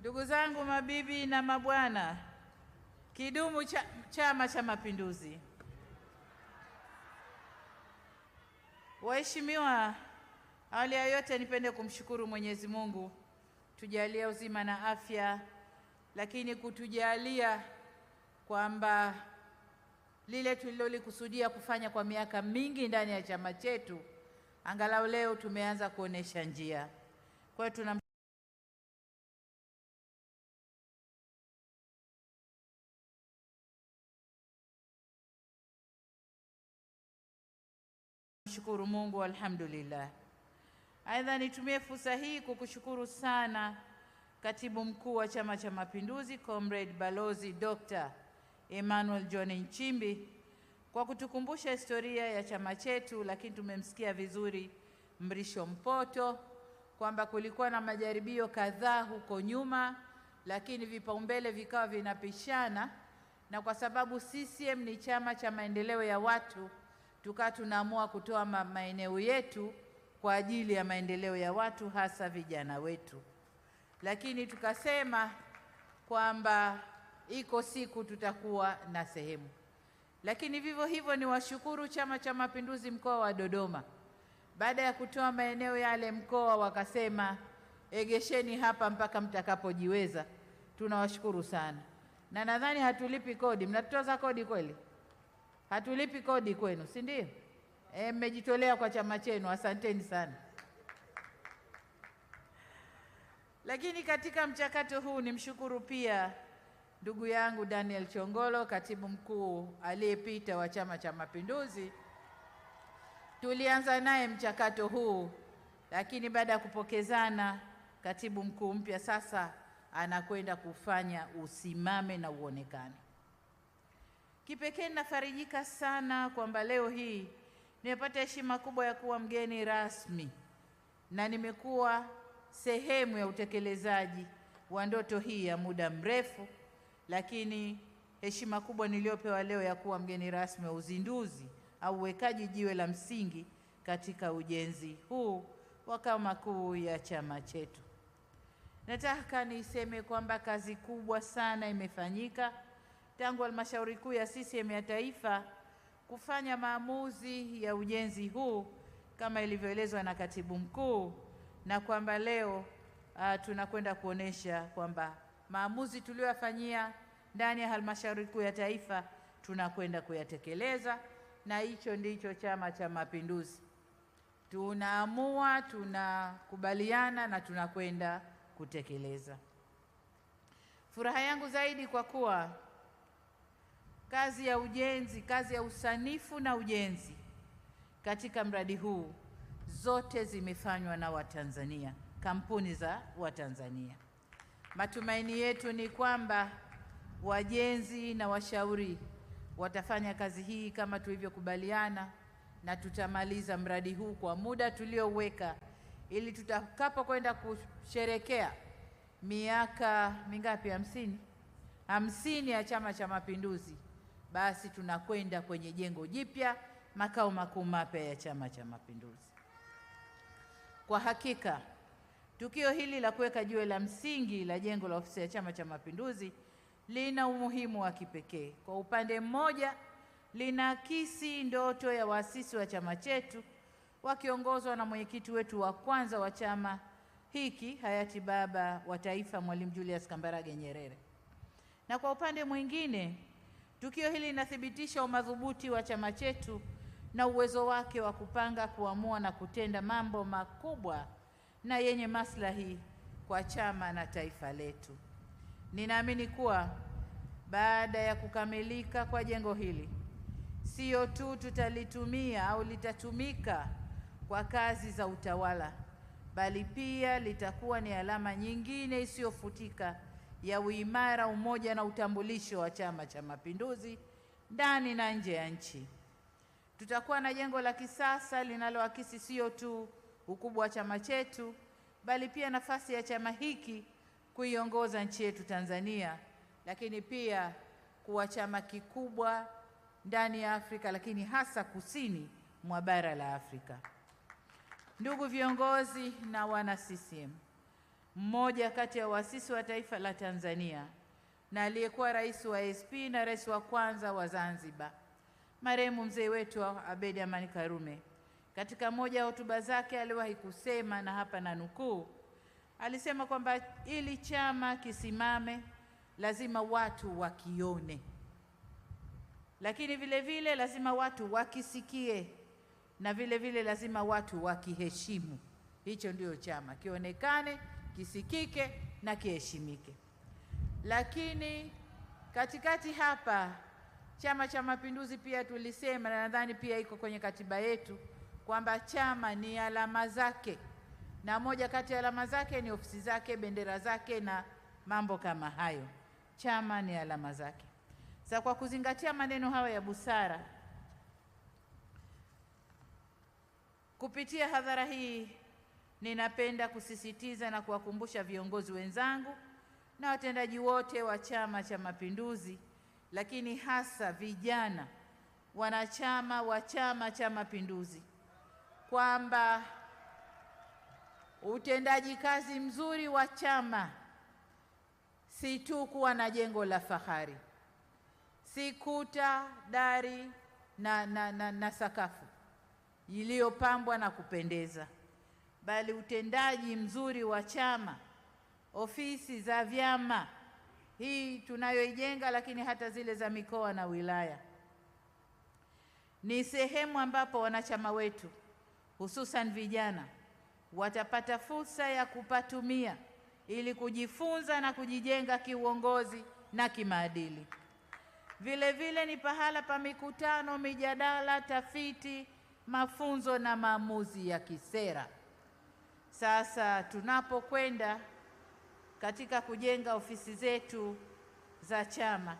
Ndugu zangu mabibi na mabwana, kidumu cha, Chama cha Mapinduzi! Waheshimiwa, awali ya yote nipende kumshukuru Mwenyezi Mungu tujalia uzima na afya, lakini kutujalia kwamba lile tulilolikusudia kufanya kwa miaka mingi ndani ya chama chetu angalau leo tumeanza kuonesha njia. Kwa hiyo tuna Shukuru Mungu, alhamdulillah. Aidha, nitumie fursa hii kukushukuru sana Katibu Mkuu wa Chama cha Mapinduzi Comrade Balozi Dr. Emmanuel John Nchimbi kwa kutukumbusha historia ya chama chetu, lakini tumemsikia vizuri Mrisho Mpoto kwamba kulikuwa na majaribio kadhaa huko nyuma, lakini vipaumbele vikawa vinapishana, na kwa sababu CCM ni chama cha maendeleo ya watu tukawa tunaamua kutoa maeneo yetu kwa ajili ya maendeleo ya watu, hasa vijana wetu. Lakini tukasema kwamba iko siku tutakuwa na sehemu. Lakini vivyo hivyo ni washukuru Chama cha Mapinduzi mkoa wa Dodoma, baada ya kutoa maeneo yale mkoa wakasema egesheni hapa mpaka mtakapojiweza. Tunawashukuru sana, na nadhani hatulipi kodi. Mnatutoza kodi kweli? hatulipi kodi kwenu, si ndio? E, mmejitolea kwa chama chenu, asanteni sana. Lakini katika mchakato huu nimshukuru pia ndugu yangu Daniel Chongolo, katibu mkuu aliyepita wa Chama cha Mapinduzi. Tulianza naye mchakato huu, lakini baada ya kupokezana, katibu mkuu mpya sasa anakwenda kufanya usimame na uonekane. Kipekee ninafarijika sana kwamba leo hii nimepata heshima kubwa ya kuwa mgeni rasmi na nimekuwa sehemu ya utekelezaji wa ndoto hii ya muda mrefu, lakini heshima kubwa niliyopewa leo ya kuwa mgeni rasmi wa uzinduzi au uwekaji jiwe la msingi katika ujenzi huu wa makao makuu ya chama chetu. Nataka niseme kwamba kazi kubwa sana imefanyika tangu halmashauri kuu ya CCM ya taifa kufanya maamuzi ya ujenzi huu kama ilivyoelezwa na katibu mkuu, na kwamba leo uh, tunakwenda kuonesha kwamba maamuzi tuliyoyafanyia ndani ya halmashauri kuu ya taifa tunakwenda kuyatekeleza, na hicho ndicho Chama cha Mapinduzi. Tunaamua, tunakubaliana na tunakwenda kutekeleza. Furaha yangu zaidi kwa kuwa kazi ya ujenzi, kazi ya usanifu na ujenzi katika mradi huu zote zimefanywa na Watanzania, kampuni za Watanzania. Matumaini yetu ni kwamba wajenzi na washauri watafanya kazi hii kama tulivyokubaliana, na tutamaliza mradi huu kwa muda tulioweka, ili tutakapokwenda kusherekea miaka mingapi? Hamsini, hamsini ya Chama cha Mapinduzi basi tunakwenda kwenye jengo jipya, makao makuu mapya ya Chama cha Mapinduzi. Kwa hakika tukio hili la kuweka jiwe la msingi la jengo la ofisi ya Chama cha Mapinduzi lina umuhimu wa kipekee. Kwa upande mmoja, linaakisi ndoto ya waasisi wa chama chetu wakiongozwa na mwenyekiti wetu wa kwanza wa chama hiki hayati Baba wa Taifa Mwalimu Julius Kambarage Nyerere, na kwa upande mwingine Tukio hili linathibitisha umadhubuti wa chama chetu na uwezo wake wa kupanga, kuamua na kutenda mambo makubwa na yenye maslahi kwa chama na taifa letu. Ninaamini kuwa baada ya kukamilika kwa jengo hili, sio tu tutalitumia au litatumika kwa kazi za utawala, bali pia litakuwa ni alama nyingine isiyofutika ya uimara, umoja na utambulisho wa Chama cha Mapinduzi ndani na nje ya nchi. Tutakuwa na jengo la kisasa linaloakisi sio tu ukubwa wa chama chetu, bali pia nafasi ya chama hiki kuiongoza nchi yetu Tanzania, lakini pia kuwa chama kikubwa ndani ya Afrika, lakini hasa kusini mwa bara la Afrika. Ndugu viongozi na wana CCM mmoja kati ya waasisi wa taifa la Tanzania na aliyekuwa rais wa ASP na rais wa kwanza wa Zanzibar, marehemu mzee wetu Abeid Amani Karume. Katika moja ya hotuba zake aliwahi kusema, na hapa na nukuu, alisema kwamba ili chama kisimame lazima watu wakione, lakini vile vile lazima watu wakisikie, na vile vile lazima watu wakiheshimu. Hicho ndio chama, kionekane kisikike na kiheshimike. Lakini katikati hapa Chama cha Mapinduzi pia tulisema, na nadhani pia iko kwenye katiba yetu kwamba chama ni alama zake, na moja kati ya alama zake ni ofisi zake, bendera zake na mambo kama hayo. Chama ni alama zake. Sasa kwa kuzingatia maneno hayo ya busara, kupitia hadhara hii Ninapenda kusisitiza na kuwakumbusha viongozi wenzangu na watendaji wote wa Chama cha Mapinduzi, lakini hasa vijana wanachama wa Chama cha Mapinduzi kwamba utendaji kazi mzuri wa chama si tu kuwa na jengo la fahari, si kuta, dari na, na, na, na sakafu iliyopambwa na kupendeza bali utendaji mzuri wa chama, ofisi za vyama hii tunayoijenga, lakini hata zile za mikoa na wilaya ni sehemu ambapo wanachama wetu hususan vijana watapata fursa ya kupatumia ili kujifunza na kujijenga kiuongozi na kimaadili. Vile vile ni pahala pa mikutano, mijadala, tafiti, mafunzo na maamuzi ya kisera. Sasa tunapokwenda katika kujenga ofisi zetu za chama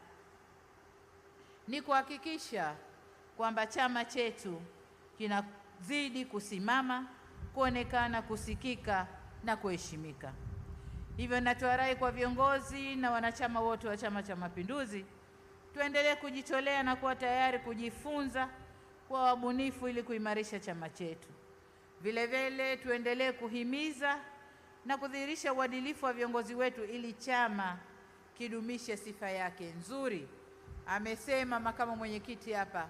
ni kuhakikisha kwamba chama chetu kinazidi kusimama, kuonekana, kusikika na kuheshimika. Hivyo natoa rai kwa viongozi na wanachama wote wa Chama cha Mapinduzi, tuendelee kujitolea na kuwa tayari kujifunza kwa wabunifu ili kuimarisha chama chetu vile tuendelee kuhimiza na kudhihirisha uadilifu wa viongozi wetu ili chama kidumishe sifa yake nzuri. Amesema makamu mwenyekiti hapa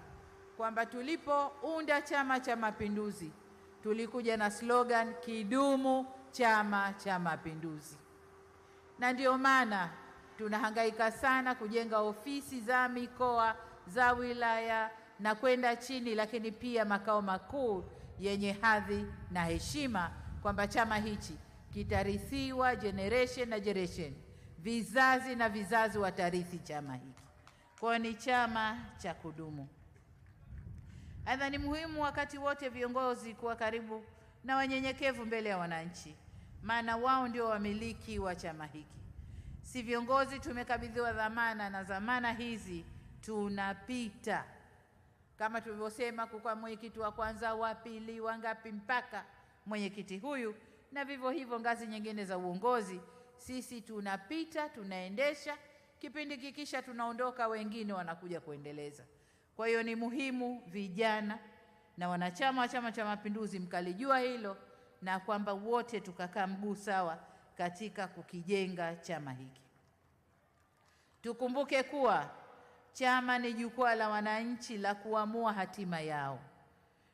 kwamba tulipounda Chama cha Mapinduzi tulikuja na slogan kidumu Chama cha Mapinduzi, na ndiyo maana tunahangaika sana kujenga ofisi za mikoa, za wilaya na kwenda chini, lakini pia makao makuu yenye hadhi na heshima, kwamba chama hichi kitarithiwa generation na generation, vizazi na vizazi watarithi chama hiki, kwa ni chama cha kudumu. Aidha, ni muhimu wakati wote viongozi kuwa karibu na wanyenyekevu mbele ya wananchi, maana wao ndio wamiliki wa chama hiki. Si viongozi tumekabidhiwa dhamana, na dhamana hizi tunapita kama tulivyosema, kukuwa mwenyekiti wa kwanza, wa pili, wangapi, mpaka mwenyekiti huyu, na vivyo hivyo ngazi nyingine za uongozi. Sisi tunapita tunaendesha, kipindi kikisha tunaondoka, wengine wanakuja kuendeleza. Kwa hiyo ni muhimu vijana na wanachama wa Chama cha Mapinduzi mkalijua hilo na kwamba wote tukakaa mguu sawa katika kukijenga chama hiki. Tukumbuke kuwa Chama ni jukwaa la wananchi la kuamua hatima yao,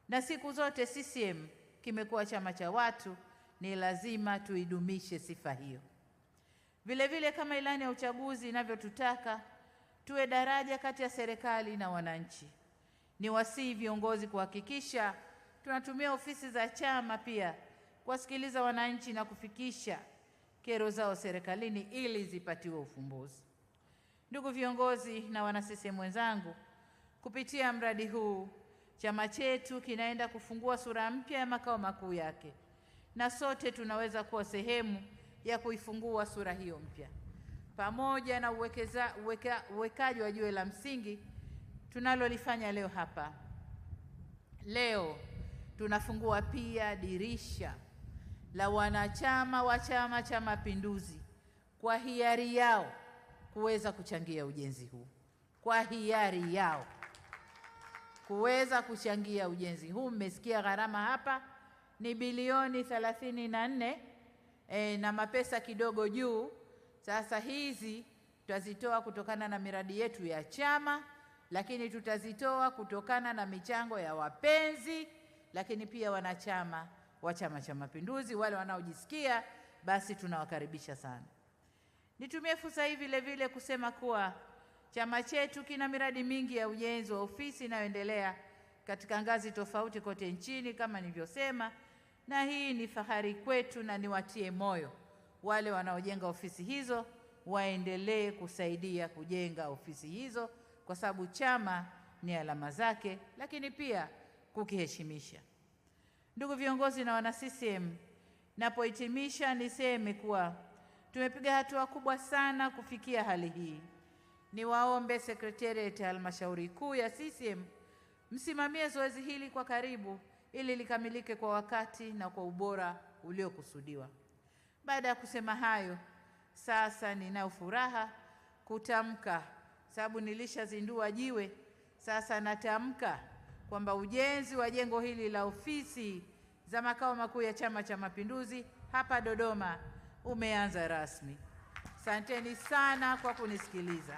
na siku zote CCM kimekuwa chama cha watu. Ni lazima tuidumishe sifa hiyo. Vile vile, kama ilani ya uchaguzi inavyotutaka, tuwe daraja kati ya serikali na wananchi. Ni wasihi viongozi kuhakikisha tunatumia ofisi za chama pia kuwasikiliza wananchi na kufikisha kero zao serikalini ili zipatiwe ufumbuzi. Ndugu viongozi na wanasisemu wenzangu, kupitia mradi huu chama chetu kinaenda kufungua sura mpya ya makao makuu yake na sote tunaweza kuwa sehemu ya kuifungua sura hiyo mpya. Pamoja na uwekeza, uweka, uwekaji wa jiwe la msingi tunalolifanya leo hapa, leo tunafungua pia dirisha la wanachama wa Chama cha Mapinduzi kwa hiari yao kuweza kuchangia ujenzi huu kwa hiari yao, kuweza kuchangia ujenzi huu. Mmesikia gharama hapa ni bilioni thelathini na nne e, na mapesa kidogo juu. Sasa hizi tutazitoa kutokana na miradi yetu ya chama, lakini tutazitoa kutokana na michango ya wapenzi, lakini pia wanachama wa Chama cha Mapinduzi. Wale wanaojisikia basi tunawakaribisha sana. Nitumie fursa hii vile vile kusema kuwa chama chetu kina miradi mingi ya ujenzi wa ofisi inayoendelea katika ngazi tofauti kote nchini kama nilivyosema, na hii ni fahari kwetu, na niwatie moyo wale wanaojenga ofisi hizo waendelee kusaidia kujenga ofisi hizo, kwa sababu chama ni alama zake, lakini pia kukiheshimisha. Ndugu viongozi na wana CCM, napohitimisha niseme kuwa Tumepiga hatua kubwa sana kufikia hali hii. Niwaombe sekretarieti ya halmashauri kuu ya CCM msimamie zoezi hili kwa karibu ili likamilike kwa wakati na kwa ubora uliokusudiwa. Baada ya kusema hayo, sasa ninayo furaha kutamka, sababu nilishazindua jiwe, sasa natamka kwamba ujenzi wa jengo hili la ofisi za makao makuu ya Chama cha Mapinduzi hapa Dodoma umeanza rasmi. Asanteni sana kwa kunisikiliza.